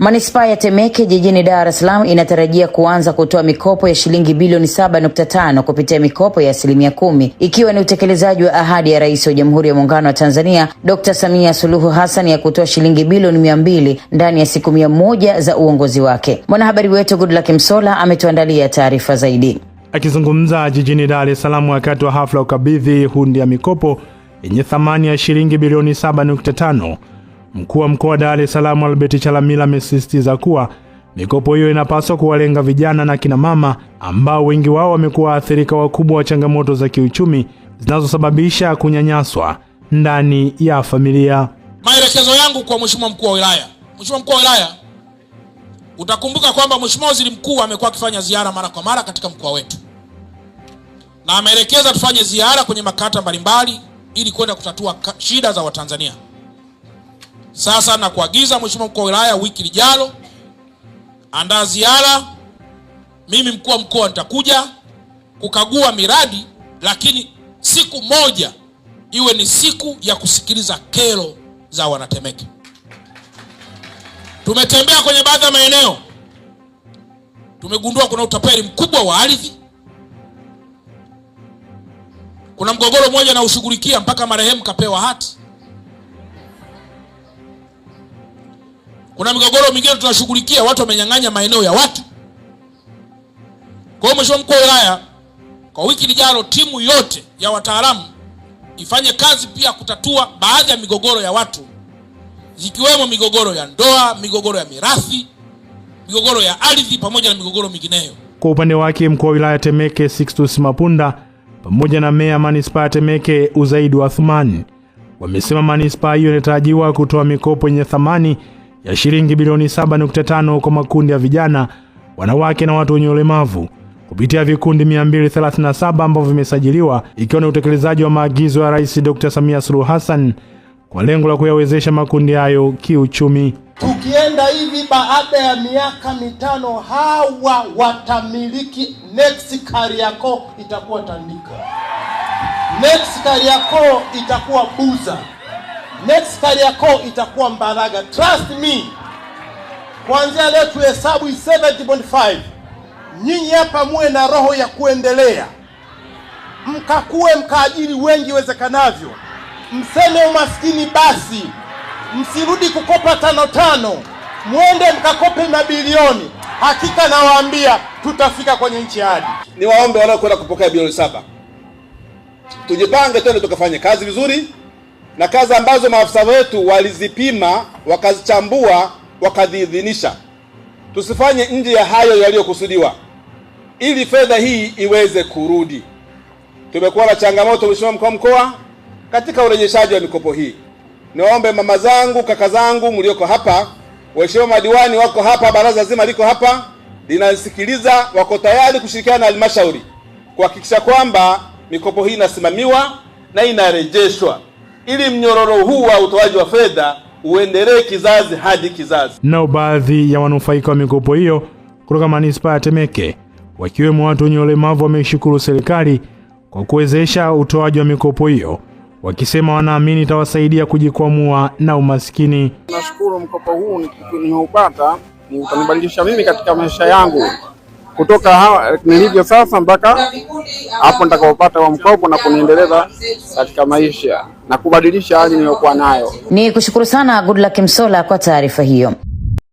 Manispaa ya Temeke jijini Dar es Salaam inatarajia kuanza kutoa mikopo ya shilingi bilioni 7.5 kupitia mikopo ya asilimia kumi ikiwa ni utekelezaji wa ahadi ya Rais wa Jamhuri ya Muungano wa Tanzania Dr. Samia Suluhu Hassan ya kutoa shilingi bilioni mia mbili ndani ya siku mia moja za uongozi wake. Mwanahabari wetu Goodluck Msola ametuandalia taarifa zaidi. Akizungumza jijini Dar es Salaam wakati wa hafla ukabidhi hundi ya mikopo yenye thamani ya shilingi bilioni 7.5 Mkuu wa mkoa wa Dar es Salaam Albert Chalamila amesisitiza kuwa mikopo hiyo inapaswa kuwalenga vijana na kina mama ambao wengi wao wamekuwa waathirika wakubwa wa changamoto za kiuchumi zinazosababisha kunyanyaswa ndani ya familia. Maelekezo yangu kwa mheshimiwa mkuu wa wilaya. Mheshimiwa mkuu wa wilaya, utakumbuka kwamba mheshimiwa waziri mkuu amekuwa akifanya ziara mara kwa mara katika mkoa wetu na ameelekeza tufanye ziara kwenye makata mbalimbali ili kwenda kutatua shida za Watanzania. Sasa nakuagiza mheshimiwa mkuu wa wilaya, wiki lijalo andaa ziara. Mimi mkuu wa mkoa nitakuja kukagua miradi, lakini siku moja iwe ni siku ya kusikiliza kero za Wanatemeke. Tumetembea kwenye baadhi ya maeneo, tumegundua kuna utapeli mkubwa wa ardhi. Kuna mgogoro mmoja na ushughulikia mpaka marehemu kapewa hati Kuna migogoro mingine tunashughulikia, watu wamenyang'anya maeneo ya watu. Kwa hiyo Mheshimiwa Mkuu wa Wilaya, kwa wiki lijalo timu yote ya wataalamu ifanye kazi pia kutatua baadhi ya migogoro ya watu zikiwemo migogoro ya ndoa, migogoro ya mirathi, migogoro ya ardhi pamoja na migogoro mingineyo. Kwa upande wake mkuu wa wilaya Temeke Sixtus Mapunda pamoja na meya manispaa Temeke Uzaidi wa Athumani wamesema manispaa hiyo inatarajiwa kutoa mikopo yenye thamani ya shilingi bilioni 7.5 kwa makundi ya vijana, wanawake na watu wenye ulemavu kupitia vikundi 237 ambavyo vimesajiliwa, ikiwa ni utekelezaji wa maagizo ya Rais Dr. Samia Suluhu Hassan kwa lengo la kuyawezesha makundi hayo kiuchumi. Tukienda hivi baada ya miaka mitano hawa watamiliki next Kariakoo itakuwa Tandika, next Kariakoo itakuwa Buza next yako itakuwa Mbaraga, trust me. Kuanzia leo tuhesabu 7.5 nyinyi hapa muwe na roho ya kuendelea, mkakuwe mkaajiri wengi iwezekanavyo, mseme umaskini basi, msirudi kukopa tano tano, mwende mkakope mabilioni. Hakika nawaambia tutafika kwenye nchi hadi. Niwaombe wanaokwenda kupokea bilioni saba, tujipange, twende tukafanye kazi vizuri na kazi ambazo maafisa wetu walizipima wakazichambua wakaziidhinisha. Tusifanye nje ya hayo yaliyokusudiwa ili fedha hii iweze kurudi. Tumekuwa na changamoto, Mheshimiwa mkuu wa mkoa, katika urejeshaji wa mikopo hii. Niwaombe mama zangu, kaka zangu mlioko hapa, waheshimiwa madiwani wako hapa, baraza zima liko hapa linasikiliza wako tayari kushirikiana na halmashauri kuhakikisha kwamba mikopo hii inasimamiwa na inarejeshwa ili mnyororo huu wa utoaji wa fedha uendelee kizazi hadi kizazi. Nao baadhi ya wanufaika wa mikopo hiyo kutoka manispaa ya Temeke, wakiwemo watu wenye ulemavu, wameishukuru serikali kwa kuwezesha utoaji wa mikopo hiyo, wakisema wanaamini itawasaidia kujikwamua na umaskini. Nashukuru mkopo huu ni utanibadilisha mimi katika maisha yangu kutoka nilivyo sasa mpaka hapo nitakapopata wa mkopo na kuniendeleza katika maisha na kubadilisha hali niliyokuwa nayo. Ni kushukuru sana Goodluck msola kwa taarifa hiyo.